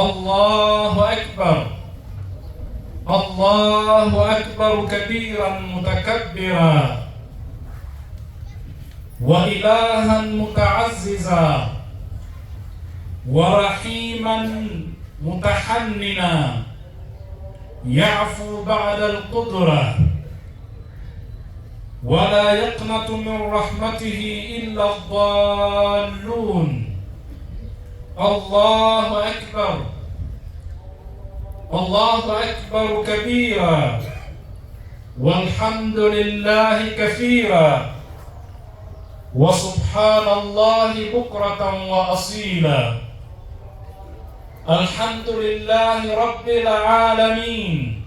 الله أكبر الله أكبر كبيرا متكبرا وإلها متعززا ورحيما متحننا يعفو بعد القدرة ولا يقنط من رحمته إلا الضالون الله أكبر الله أكبر كبيرا والحمد لله كثيرا وسبحان الله بكرة وأصيلا الحمد لله رب العالمين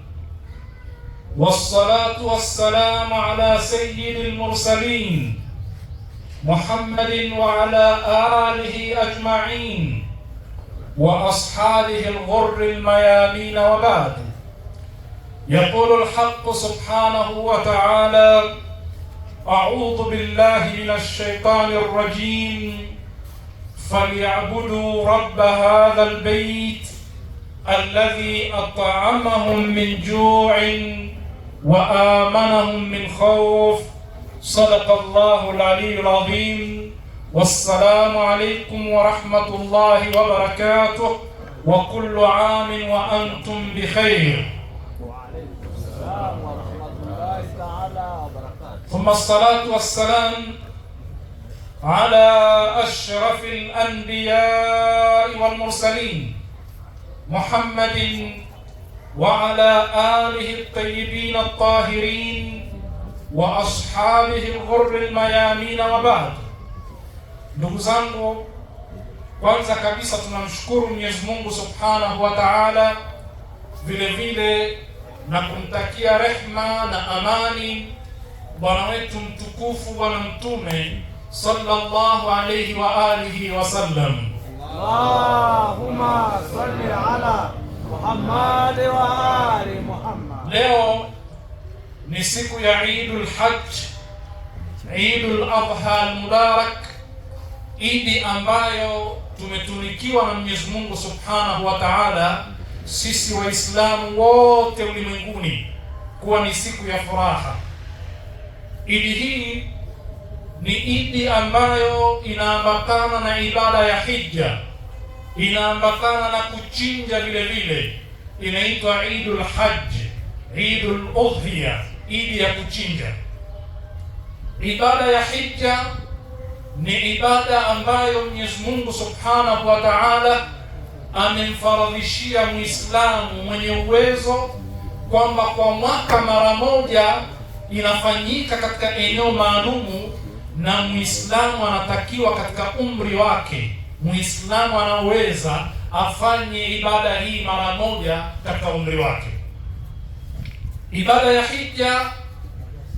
والصلاة والسلام على سيد المرسلين محمد وعلى آله أجمعين وأصحابه الغر الميامين وبعد يقول الحق سبحانه وتعالى أعوذ بالله من الشيطان الرجيم فليعبدوا رب هذا البيت الذي أطعمهم من جوع وآمنهم من خوف صدق الله العلي العظيم والسلام عليكم ورحمة الله وبركاته وكل عام وأنتم بخير وعليكم السلام ورحمة الله تعالى وبركاته ثم الصلاة والسلام على أشرف الأنبياء والمرسلين محمد وعلى آله الطيبين الطاهرين wa ashabihi lghurri lmayamina wa baad. Ndugu zangu, kwanza kabisa tunamshukuru Mwenyezi Mungu subhanahu wa taala, vile vile na kumtakia rehma na amani bwana wetu mtukufu, Bwana Mtume sallallahu alayhi wa alihi wa sallam. Allahumma salli ala Muhammad wa ali Muhammad. Leo ni siku ya Idul Hajj, Idul Adha al-Mubarak, idi ambayo tumetunikiwa na Mwenyezi Mungu Subhanahu wa Ta'ala sisi Waislamu wote ulimwenguni kuwa ni siku ya furaha. Idi hii ni idi ambayo inaambatana na ibada ya hija, inaambatana na kuchinja vile vile, inaitwa Idul Hajj, Idul Udhiya idi ya kuchinja. Ibada ya hija ni ibada ambayo Mwenyezi Mungu Subhanahu wa Ta'ala amemfaradhishia Muislamu mwenye uwezo kwamba kwa mwaka mara moja inafanyika katika eneo maalumu, na Muislamu anatakiwa katika umri wake, Muislamu anaweza afanye ibada hii mara moja katika umri wake. Ibada ya hija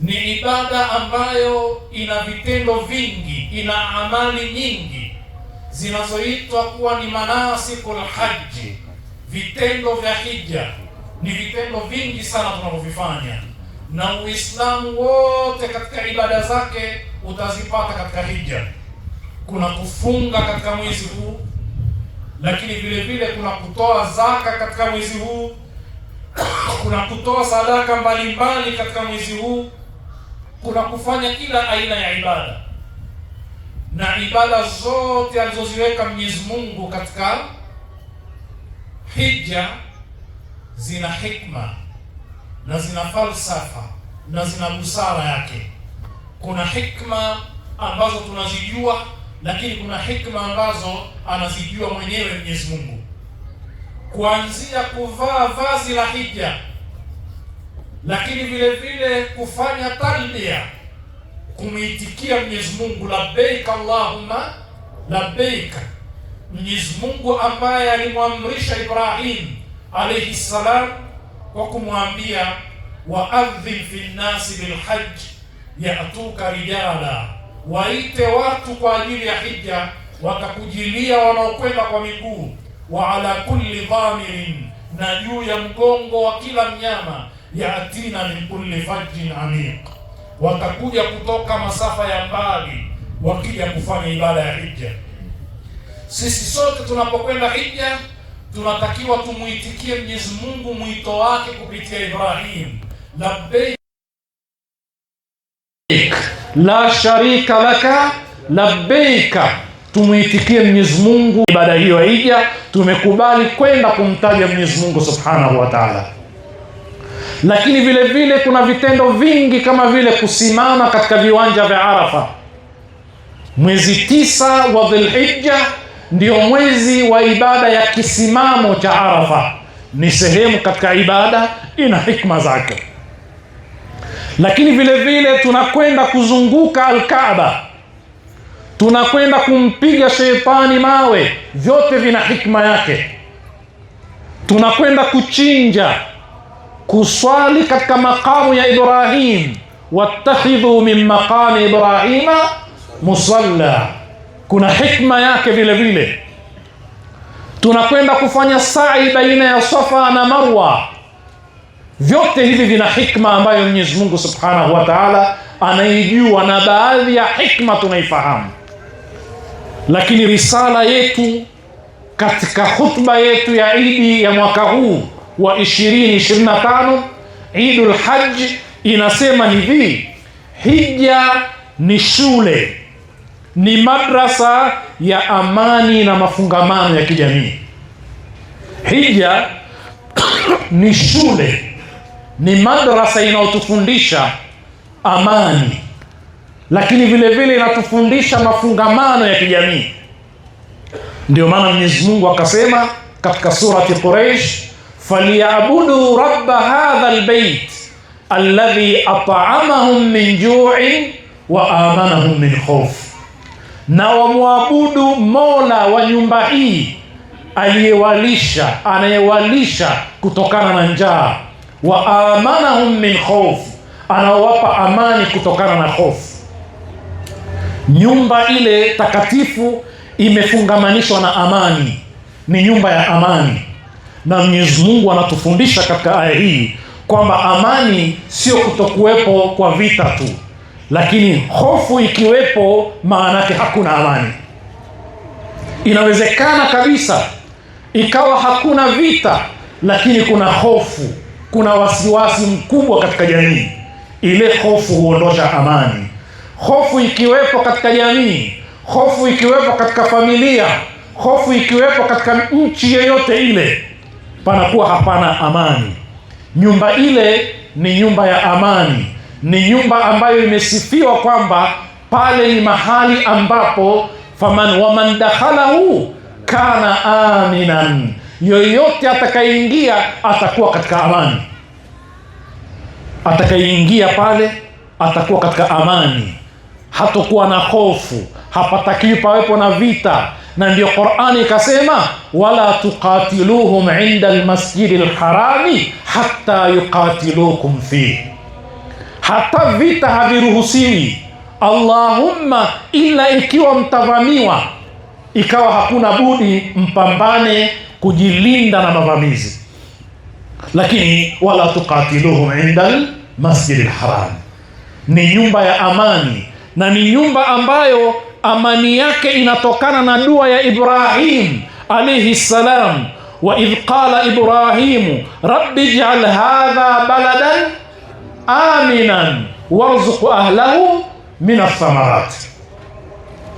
ni ibada ambayo ina vitendo vingi, ina amali nyingi zinazoitwa kuwa ni manasikul haji. Vitendo vya hija ni vitendo vingi sana tunavyovifanya, na Uislamu wote katika ibada zake utazipata katika hija. Kuna kufunga katika mwezi huu, lakini vile vile kuna kutoa zaka katika mwezi huu kuna kutoa sadaka mbalimbali katika mwezi huu, kuna kufanya kila aina ya ibada na ibada zote alizoziweka Mwenyezi Mungu katika hija zina hikma na zina falsafa na zina busara yake. Kuna hikma ambazo tunazijua, lakini kuna hikma ambazo anazijua mwenyewe Mwenyezi Mungu, kuanzia kuvaa vazi la hija lakini vile vile kufanya talbia, kumwitikia Mwenyezi Mungu labbaik allahumma labbaik. Mwenyezi Mungu ambaye alimwamrisha Ibrahim alayhi salam kwa kumwambia waadhin fi nnasi bilhaji yatuka rijala, waite watu kwa ajili ya hija watakujilia wanaokwenda kwa miguu, wa ala kulli dhamirin, na juu ya mgongo wa kila mnyama yatina min kulli fajjin amiq, watakuja kutoka masafa ya mbali wakija kufanya ibada ya hija. Sisi sote tunapokwenda hija tunatakiwa tumuitikie Mwenyezi Mungu mwito wake kupitia Ibrahim, labbaik la sharika laka labbaika. Tumuitikie Mwenyezi Mungu ibada hiyo ya hija, tumekubali kwenda kumtaja Mwenyezi Mungu subhanahu wa ta'ala. Lakini vile vile kuna vitendo vingi kama vile kusimama katika viwanja vya Arafa. Mwezi tisa wa Dhulhijja ndio mwezi wa ibada ya kisimamo cha Arafa, ni sehemu katika ibada, ina hikma zake. Lakini vile vile tunakwenda kuzunguka alkaba tunakwenda kumpiga sheitani mawe, vyote vina hikma yake. Tunakwenda kuchinja kuswali katika maqamu ya Ibrahim, wattakhidhu min maqami Ibrahima musalla. Kuna hikma yake vile vile. Tunakwenda kufanya sa'i baina ya Safa na Marwa, vyote hivi vina hikma ambayo Mwenyezi Mungu Subhanahu wa Ta'ala anaijua na baadhi ya hikma tunaifahamu, lakini risala yetu katika khutba yetu ya Idi ya mwaka huu wa 2025 Idul Hajj inasema hivi: hija ni shule, ni madrasa ya amani na mafungamano ya kijamii. Hija ni shule, ni madrasa inayotufundisha amani, lakini vile vile inatufundisha mafungamano ya kijamii. Ndio maana Mwenyezi Mungu akasema katika surati Quraish فليعبدوا رب هذا البيت الذي at'amahum min ju'in wa من min khof, na wamwabudu mola wa nyumba hii aliyewalisha anayewalisha kutokana na njaa, wa amanahum min khof, anaowapa amani kutokana na hofu. Nyumba ile takatifu imefungamanishwa na amani, ni nyumba ya amani na Mwenyezi Mungu anatufundisha katika aya hii kwamba amani sio kutokuwepo kwa vita tu, lakini hofu ikiwepo, maana hakuna amani. Inawezekana kabisa ikawa hakuna vita, lakini kuna hofu, kuna wasiwasi mkubwa katika jamii. Ile hofu huondosha amani. Hofu ikiwepo katika jamii, hofu ikiwepo katika familia, hofu ikiwepo katika nchi yoyote ile panakuwa hapana amani. Nyumba ile ni nyumba ya amani, ni nyumba ambayo imesifiwa kwamba pale ni mahali ambapo faman waman dakhalahu kana aminan, yoyote atakayeingia atakuwa katika amani. Atakayeingia pale atakuwa katika amani, hatokuwa na hofu, hapatakiwi pawepo na vita na ndio Qur'ani ikasema wala tuqatiluhum inda lmasjidi lharami hata yuqatilukum fihi, hata vita haviruhusiwi. Allahumma illa ikiwa mtavamiwa, ikawa hakuna budi mpambane kujilinda na mavamizi, lakini wala tuqatiluhum inda almasjidi alharami, ni nyumba ya amani na ni nyumba ambayo amani yake inatokana na dua ya Ibrahim alayhi salam, wa idh qala Ibrahimu rabbi ij'al hadha baladan aminan warzuq ahlahu min athamarat.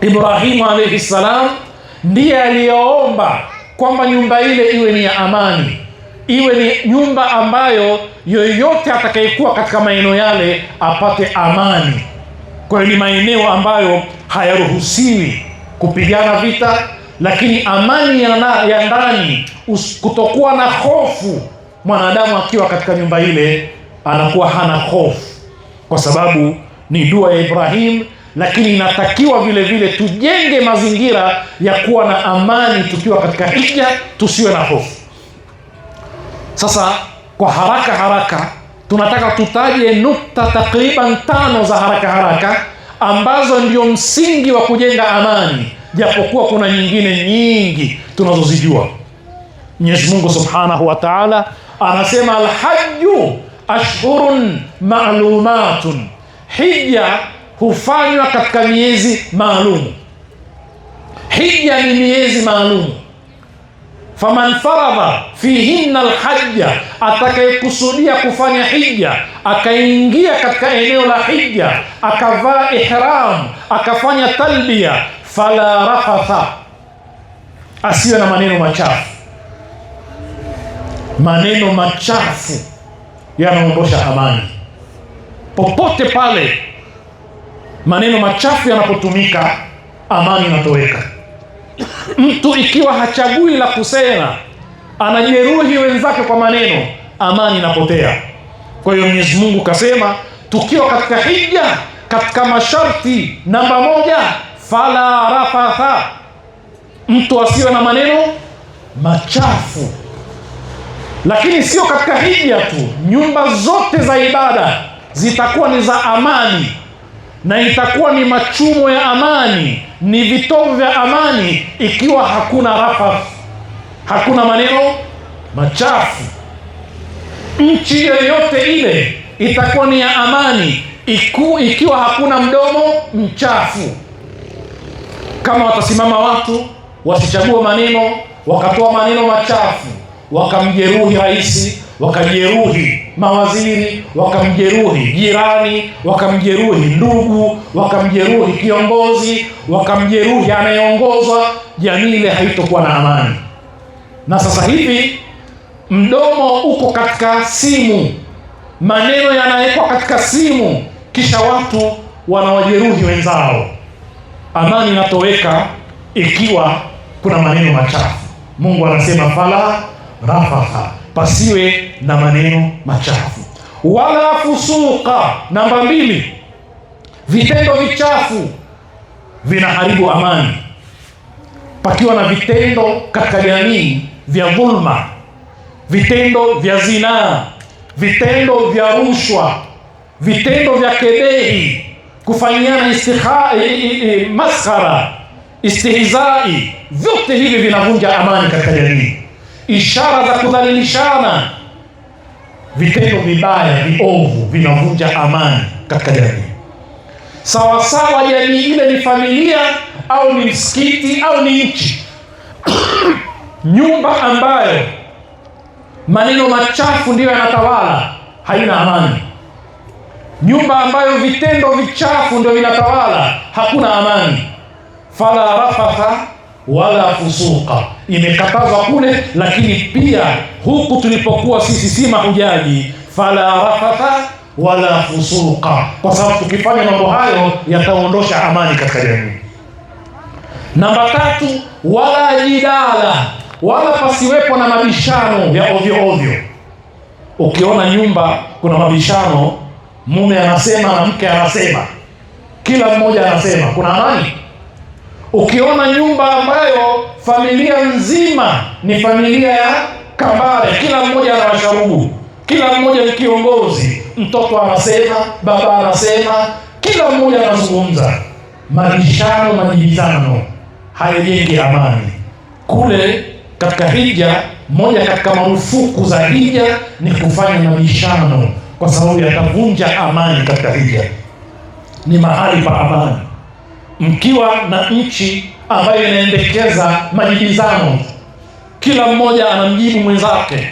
Ibrahimu alayhi salam ndiye aliyeomba kwamba nyumba ile iwe ni ya amani, iwe ni nyumba ambayo yoyote atakayekuwa katika maeneo yale apate amani. Kwa hiyo ni maeneo ambayo hayaruhusiwi kupigana vita, lakini amani ya, na, ya ndani, kutokuwa na hofu. Mwanadamu akiwa katika nyumba ile anakuwa hana hofu, kwa sababu ni dua ya Ibrahim. Lakini inatakiwa vile vile tujenge mazingira ya kuwa na amani tukiwa katika hija, tusiwe na hofu. Sasa kwa haraka haraka tunataka tutaje nukta takriban tano za haraka haraka ambazo ndio msingi wa kujenga amani, japokuwa kuna nyingine nyingi tunazozijua. Mwenyezi Mungu Subhanahu wa Ta'ala anasema alhaju ashhurun ma'lumatun, hija hufanywa katika miezi maalum Hija ni miezi maalumu faman faradha fihinna alhajja, atakayekusudia kufanya hija akaingia katika eneo la hija akavaa ihram akafanya talbia, fala rafatha, asiwe na maneno machafu. Maneno machafu yanaondosha amani popote pale. Maneno machafu yanapotumika, amani inatoweka. Mtu ikiwa hachagui la kusema, anajeruhi wenzake kwa maneno, amani inapotea. Kwa hiyo Mwenyezi Mungu kasema, tukiwa katika hija, katika masharti namba moja, fala rafatha, mtu asiwe na maneno machafu. Lakini sio katika hija tu, nyumba zote za ibada zitakuwa ni za amani na itakuwa ni machumo ya amani, ni vitovu vya amani, ikiwa hakuna rafa hakuna maneno machafu. Nchi yoyote ile itakuwa ni ya amani iku, ikiwa hakuna mdomo mchafu. Kama watasimama watu wasichagua maneno wakatoa maneno machafu wakamjeruhi rais, wakajeruhi mawaziri, wakamjeruhi jirani, wakamjeruhi ndugu, wakamjeruhi kiongozi, wakamjeruhi anayeongozwa, jamii ile haitokuwa na amani. Na sasa hivi mdomo uko katika simu, maneno yanawekwa katika simu, kisha watu wanawajeruhi wenzao. Amani inatoweka ikiwa kuna maneno machafu. Mungu anasema fala rafatha, pasiwe na maneno machafu wala fusuka Namba mbili, vitendo vichafu vinaharibu amani. Pakiwa na vitendo katika jamii vya dhulma, vitendo vya zinaa, vitendo vya rushwa, vitendo vya kebehi, kufanyiana maskhara, istihizai, vyote hivi vinavunja amani katika jamii ishara za kudhalilishana, vitendo vibaya viovu vinavunja amani katika jamii. Sawasawa, jamii ile ni familia au ni msikiti au ni nchi nyumba ambayo maneno machafu ndiyo yanatawala haina amani. Nyumba ambayo vitendo vichafu ndio vinatawala hakuna amani. fala rafatha wala fusuqa, imekatazwa kule, lakini pia huku tulipokuwa sisi si mahujaji, fala rafatha wala fusuqa, kwa sababu tukifanya mambo hayo yataondosha amani katika jamii. Namba tatu, wala jidala, wala pasiwepo na mabishano ya ovyo ovyo. Ukiona nyumba kuna mabishano, mume anasema na mke anasema, kila mmoja anasema, kuna amani? Ukiona nyumba ambayo familia nzima ni familia ya kabare, kila mmoja ana masharubu, kila mmoja ni kiongozi, mtoto anasema, baba anasema, kila mmoja anazungumza, mabishano, majibizano hayajengi amani kule. Katika hija, moja katika marufuku za hija ni kufanya mabishano, kwa sababu yatavunja amani. Katika hija ni mahali pa amani mkiwa na nchi ambayo inaendekeza majibizano, kila mmoja anamjibu mwenzake,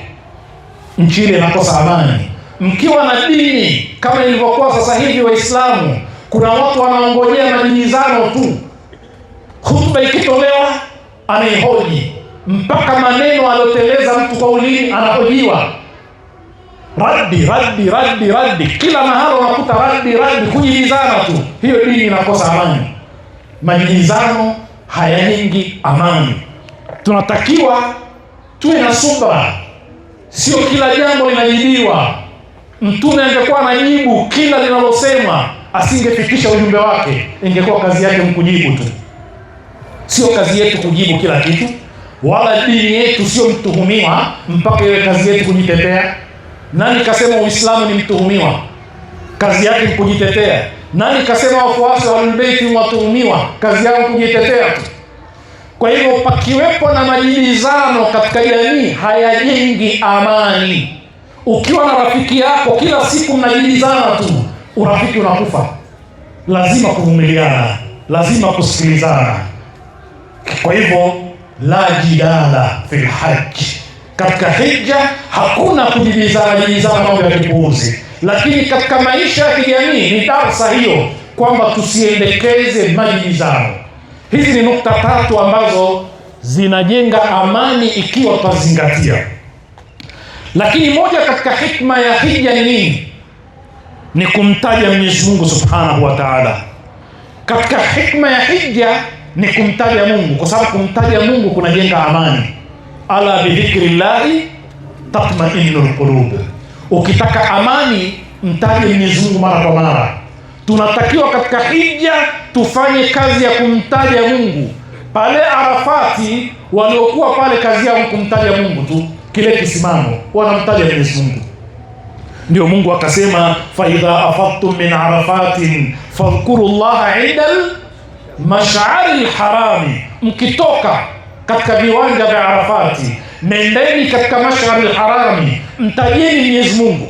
nchi ile inakosa amani. Mkiwa na dini kama ilivyokuwa sasa hivi Waislamu, kuna watu wanaongojea majibizano tu, hutuba ikitolewa anaihoji mpaka maneno alioteleza mtu kwa ulimi anahojiwa, raddi raddi raddi raddi, kila mahali unakuta raddi raddi, kujibizana tu. Hiyo dini inakosa amani majibizano hayalengi amani. Tunatakiwa tuwe na subra, sio kila jambo linajibiwa. Mtume angekuwa anajibu kila linalosema, asingefikisha ujumbe wake, ingekuwa kazi yake mkujibu tu. Sio kazi yetu kujibu kila kitu, wala dini yetu sio mtuhumiwa mpaka iwe kazi yetu kujitetea. Nani kasema Uislamu ni mtuhumiwa? Kazi yake ni kujitetea. Nani kasema wafuasi wa Ahlulbeiti watuhumiwa kazi yao kujitetea tu? Kwa hivyo pakiwepo na majibizano katika jamii hayajengi amani. Ukiwa na rafiki yako kila siku mnajibizana tu, urafiki unakufa. Lazima kuvumiliana, lazima kusikilizana. Kwa hivyo la jidala fi katika hija hakuna kujibizana jibizana mambo ya kipuuzi lakini katika maisha ya kijamii ni darsa hiyo, kwamba tusiendekeze zao Hizi ni nukta tatu ambazo zinajenga amani ikiwa twazingatia Lakini moja katika hikma ya hija ni nini? Ni kumtaja Mwenyezi Mungu Subhanahu wa Ta'ala. Katika hikma ya hija ni kumtaja Mungu, kwa sababu kumtaja Mungu kunajenga amani. Ala llahi tatma'innul qulub Ukitaka amani, mtaje Mwenyezi Mungu mara kwa mara. Tunatakiwa katika hija tufanye kazi ya kumtaja Mungu. Pale Arafati waliokuwa pale kazi yao kumtaja Mungu tu, kile kisimamo wanamtaja Mwenyezi Mungu. Ndio Mungu akasema, fa idha afadtum min arafatin fadhkuru llaha inda mashari lharami, mkitoka katika viwanja vya Arafati nendeni katika Mashari lharami mtajeni Mwenyezi Mungu.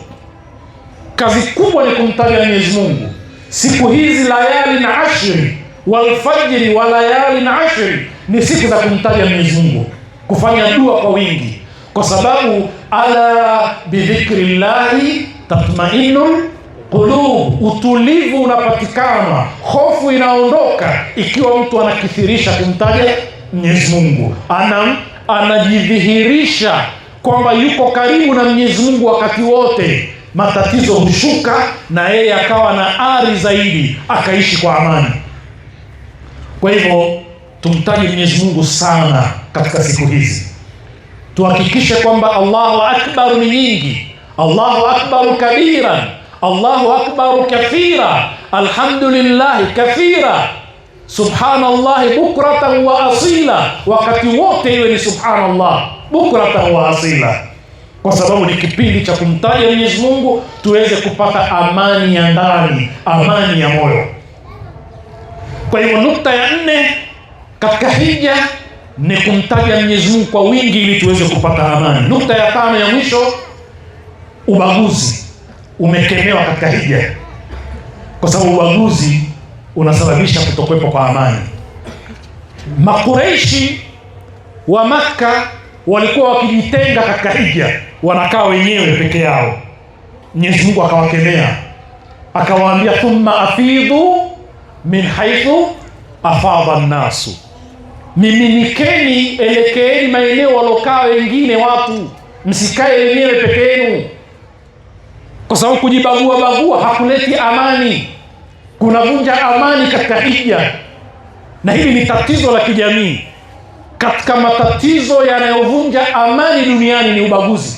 Kazi kubwa ni kumtaja Mwenyezi Mungu siku hizi, layali na ashri walfajiri wa layali na ashri, ni siku za kumtaja Mwenyezi Mungu, kufanya dua kwa wingi, kwa sababu ala bidhikri llahi tatmainu qulub, utulivu unapatikana, hofu inaondoka ikiwa mtu anakithirisha kumtaja Mwenyezi Mungu anam anajidhihirisha kwamba yuko karibu na Mwenyezi Mungu wakati wote, matatizo hushuka na yeye akawa na ari zaidi, akaishi kwa amani. Kwa hivyo tumtaje Mwenyezi Mungu sana katika siku hizi, tuhakikishe kwamba Allahu akbar ni nyingi, Allahu akbaru kabiran, Allahu akbaru kathira, alhamdulillahi kathira subhanallahi bukratan wa asila, wakati wote iwe ni subhanallah bukratan wa asila, kwa sababu ni kipindi cha kumtaja Mwenyezi Mungu tuweze kupata amani ya ndani, amani ya moyo. Kwa hivyo nukta ya nne katika hija ni kumtaja Mwenyezi Mungu kwa wingi ili tuweze kupata amani. Nukta ya tano ya mwisho, ubaguzi umekemewa katika hija, kwa sababu ubaguzi unasababisha kutokuwepo kwa amani. Makureishi wa Makka walikuwa wakijitenga katika hija, wanakaa wenyewe peke yao. Mwenyezi Mungu akawakemea akawaambia, thumma afidhu min haithu afadha nnasu, miminikeni, elekeeni maeneo waliokaa wengine watu, msikae wenyewe peke yenu, kwa sababu kujibagua bagua hakuleti amani kunavunja amani katika hija, na hili ni tatizo la kijamii. Katika matatizo yanayovunja amani duniani ni ubaguzi.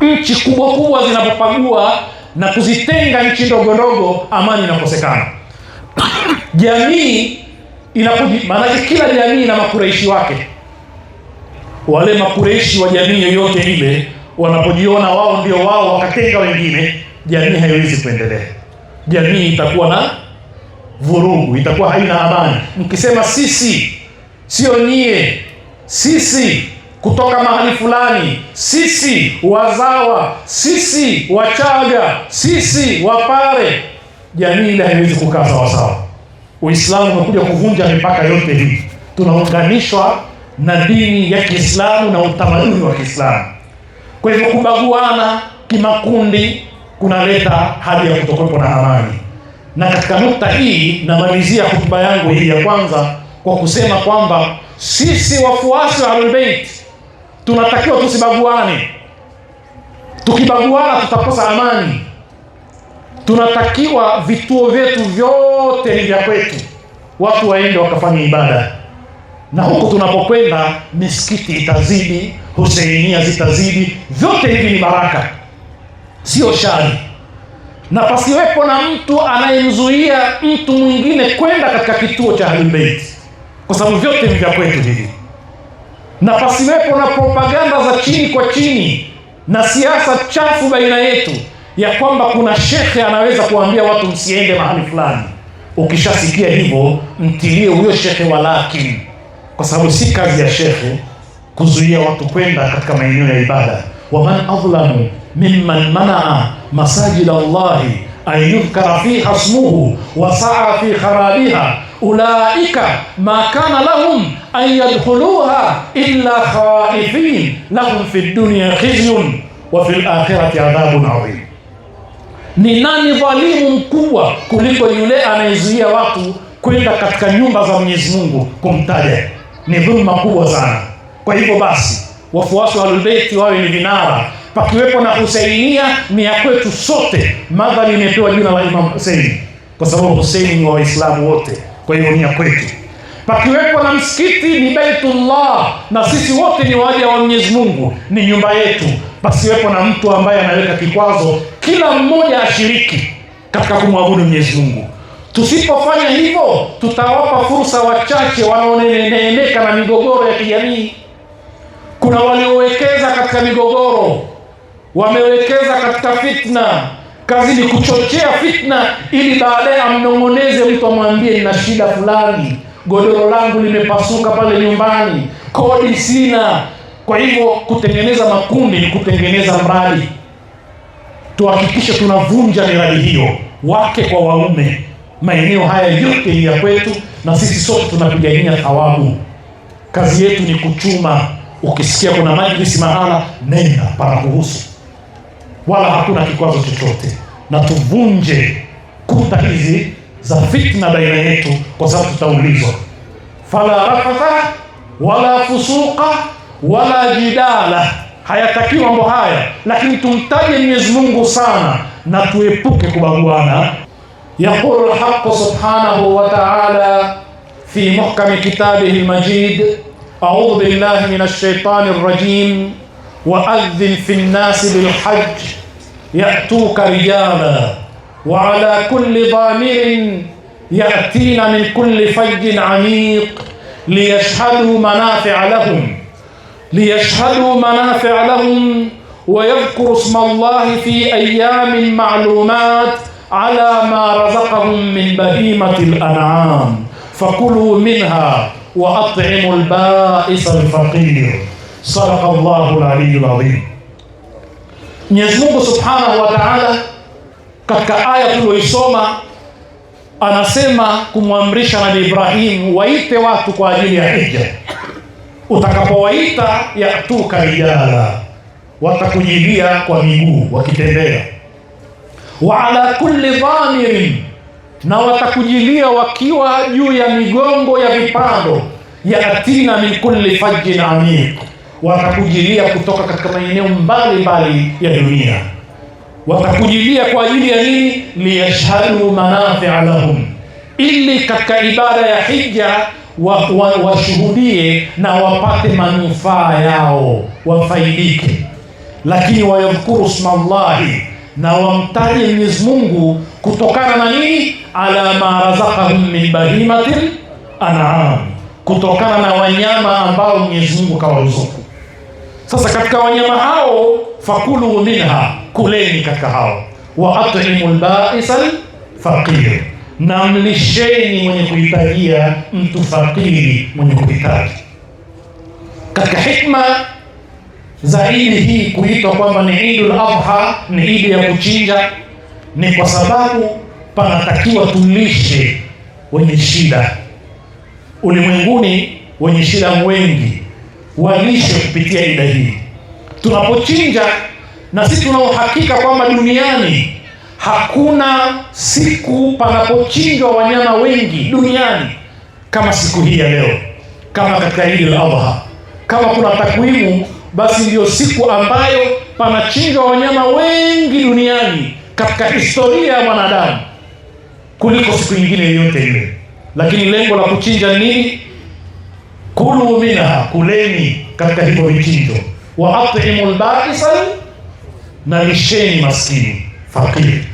Nchi kubwa kubwa zinapopagua na kuzitenga nchi ndogo ndogo, amani inakosekana. Jamii inapoji, maanake kila jamii ina makureishi wake. Wale makureishi wa jamii yoyote ile wanapojiona wao ndio wao wakatenga wengine, jamii haiwezi kuendelea jamii itakuwa na vurugu, itakuwa haina amani. Mkisema sisi, sio nyie, sisi kutoka mahali fulani, sisi wazawa, sisi Wachaga, sisi Wapare, jamii ile haiwezi kukaa sawasawa. Uislamu umekuja kuvunja mipaka yote hii. Tunaunganishwa na dini ya Kiislamu na utamaduni wa Kiislamu. Kwa hivyo kubaguana kimakundi kunaleta hali ya kutokuwepo na amani. Na katika nukta hii namalizia hotuba yangu hii ya kwanza kwa kusema kwamba sisi wafuasi wa albeit Bait tunatakiwa tusibaguane. Tukibaguana tutakosa amani. Tunatakiwa vituo vyetu vyote ni vya kwetu, watu waende wakafanya ibada, na huko tunapokwenda misikiti itazidi, huseinia zitazidi, vyote hivi ni baraka sio shari, na pasiwepo na mtu anayemzuia mtu mwingine kwenda katika kituo cha Ahlul kwa sababu vyote ni vya kwetu hivi, na pasiwepo na propaganda za chini kwa chini na siasa chafu baina yetu ya kwamba kuna shekhe anaweza kuambia watu msiende mahali fulani. Ukishasikia hivyo, mtilie huyo shekhe walaki kwa sababu si kazi ya shekhe kuzuia watu kwenda katika maeneo ya ibada. waman adhlamu ممن منع مساجد الله أن يذكر فيها اسمه وسعى في خرابها أولئك ما كان لهم أن يدخلوها إلا خائفين لهم في الدنيا خزي وفي الآخرة عذاب عظيم Ni nani dhalimu mkubwa kuliko yule anayezuia watu kwenda katika nyumba za Mwenyezi Mungu kumtaja? Ni dhulma kubwa sana. Kwa hivyo basi, wafuasi wa Ahlulbeiti wawe ni vinara pakiwepo na Husainia, ni ya kwetu sote. Madhali imepewa jina la Imam Huseini kwa sababu Huseini ni wa Waislamu wote, kwa hiyo ni ya kwetu. Pakiwepo na msikiti ni Baitullah, na sisi wote ni waja wa Mwenyezi Mungu, ni nyumba yetu. Pasiwepo na mtu ambaye anaweka kikwazo, kila mmoja ashiriki katika kumwabudu Mwenyezi Mungu. Tusipofanya hivyo, tutawapa fursa wachache wanaoneneka na migogoro ya kijamii. Kuna waliowekeza katika migogoro wamewekeza katika fitna, kazi ni kuchochea fitna ili baadaye amnong'oneze mtu, amwambie nina shida fulani, godoro langu limepasuka pale nyumbani, kodi sina. Kwa hivyo kutengeneza makundi ni kutengeneza mradi. Tuhakikishe tunavunja miradi hiyo, wake kwa waume. Maeneo haya yote ya kwetu, na sisi sote tunapigania thawabu. Kazi yetu ni kuchuma. Ukisikia kuna majlisi mahala, nenda pana kuhusu wala hakuna kikwazo chochote, na tuvunje kuta hizi za fitna baina yetu, kwa sababu tutaulizwa. Fala rafatha wala fusuqa wala jidala, hayatakiwi mambo haya, lakini tumtaje Mwenyezi Mungu sana na tuepuke kubaguana. Yaqulu lhaqu subhanahu wa taala fi muhkami kitabihi lmajid, audhu billahi min alshaitani rrajim وأذن في الناس بالحج يأتوك رجالا وعلى كل ضامر يأتين من كل فج عميق ليشهدوا منافع لهم ليشهدوا منافع لهم ويذكروا اسم الله في أيام معلومات على ما رزقهم من بهيمة الأنعام فكلوا منها وأطعموا البائس الفقير Sadaqallahu al-aliyyul adhim. Mwenyezi Mungu Subhanahu wa Ta'ala katika aya tuliyoisoma anasema kumwamrisha Nabii Ibrahim, waite watu kwa ajili ya hija. Utakapowaita yatuka rijala, watakujilia kwa miguu wakitembea. Wa ala kulli dhamirin, na watakujilia wakiwa juu ya migongo ya vipando. Yatina min kulli fajjin amiq watakujilia kutoka katika maeneo mbalimbali ya dunia. Watakujilia kwa ajili ya nini? liyashhadu manafia lahum, ili katika ibada ya hija washuhudie wa, wa na wapate manufaa yao, wafaidike. Lakini wayadhkuru smallahi, na wamtaje Mwenyezi Mungu kutokana na nini? ala ma razaqahum min bahimatin an'am, kutokana na wanyama ambao Mwenyezi Mungu kawaruzuku. Sasa katika wanyama hao, fakulu minha, kuleni katika hao, wa atimu lbaisal faqir, na mlisheni mwenye kuhitajia, mtu fakiri mwenye kuhitaji. Katika hikma za idi hii kuitwa kwamba ni idu Adha, ni idi ya kuchinja, ni kwa sababu panatakiwa tulishe wenye shida ulimwenguni, wenye shida wengi walishwe kupitia ibada hii. Tunapochinja na sisi tuna uhakika kwamba duniani hakuna siku panapochinjwa wanyama wengi duniani kama siku hii ya leo, kama katika Idi la Kama kuna takwimu, basi ndiyo siku ambayo panachinjwa wanyama wengi duniani katika historia ya mwanadamu kuliko siku nyingine yoyote ile. Lakini lengo la kuchinja nini? kulu minha, kuleni katika hivyo vichinjo, wa atimu lbakisa, na lisheni maskini fakiri.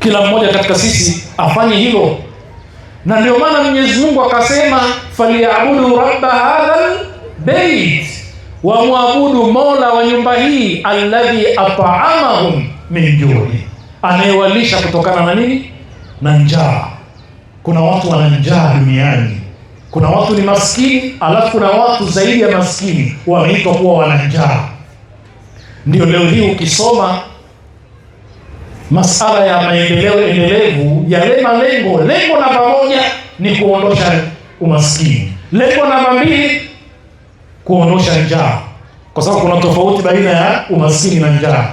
Kila mmoja katika sisi afanye hilo, na ndio maana Mwenyezi Mungu akasema faliabudu rabba hadha lbeit wamwabudu mola wa nyumba hii, alladhi ataamahum min juri anayewalisha kutokana na nini? Na njaa. Kuna watu wana njaa duniani kuna watu ni maskini, alafu kuna watu zaidi ya maskini wameitwa kuwa wana njaa. Ndio leo hii ukisoma masala ya maendeleo endelevu, yale malengo, lengo namba moja ni kuondosha umaskini, lengo namba mbili kuondosha njaa, kwa sababu kuna tofauti baina ya umaskini na njaa.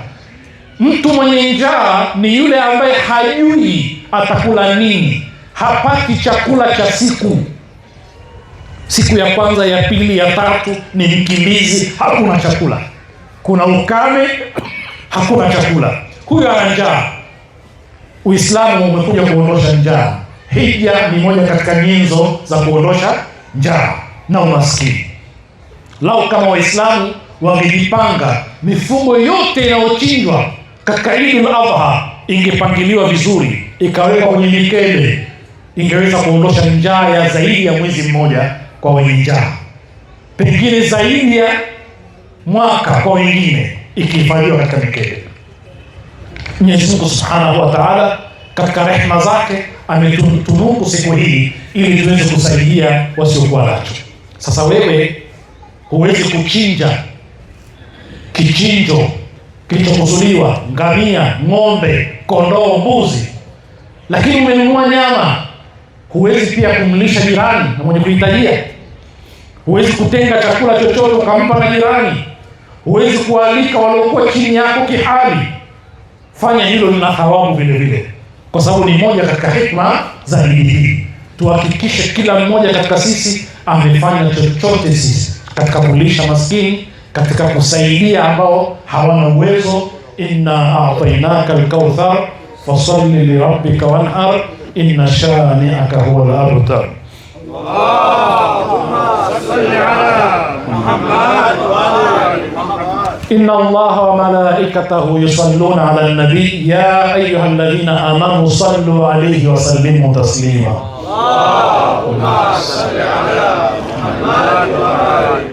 Mtu mwenye njaa ni yule ambaye hajui atakula nini, hapati chakula cha siku siku ya kwanza, ya pili, ya tatu ni mkimbizi, hakuna chakula, kuna ukame, hakuna chakula, huyo ana njaa. Uislamu umekuja kuondosha njaa. Hija ni moja katika nyenzo za kuondosha njaa na umaskini. Lau kama Waislamu wangejipanga, mifumo yote inayochinjwa katika Idul Adha ingepangiliwa vizuri, ikawekwa kwenye mikebe, ingeweza kuondosha njaa ya zaidi ya mwezi mmoja kwa wenjao, pengine zaidi ya mwaka kwa wengine, ikihifadhiwa katika mikebe. Mwenyezi Mungu Subhanahu wa Ta'ala katika rehema zake ametunuku siku hii ili tuweze kusaidia wasiokuwa nacho. Sasa wewe huwezi kuchinja kichinjo kilichokusudiwa, ngamia, ng'ombe, kondoo, mbuzi, lakini umenunua nyama, huwezi pia kumlisha jirani na mwenye kuhitajia Huwezi kutenga chakula chochote ukampa na jirani, huwezi kualika waliokuwa chini yako kihali. Fanya hilo, lina thawabu vile vile, kwa sababu ni moja katika hikma za dini hii. Tuhakikishe kila mmoja katika sisi amefanya chochote sisi katika kulisha maskini, katika kusaidia ambao hawana uwezo. Inna atainaka alkauthar fasalli lirabika wanhar inna shaniaka huwa al-abtar. اللهم صل على محمد وآل محمد إن الله وملائكته يصلون على النبي يا أيها الذين آمنوا صلوا عليه وسلموا تسليما اللهم صل على محمد وآل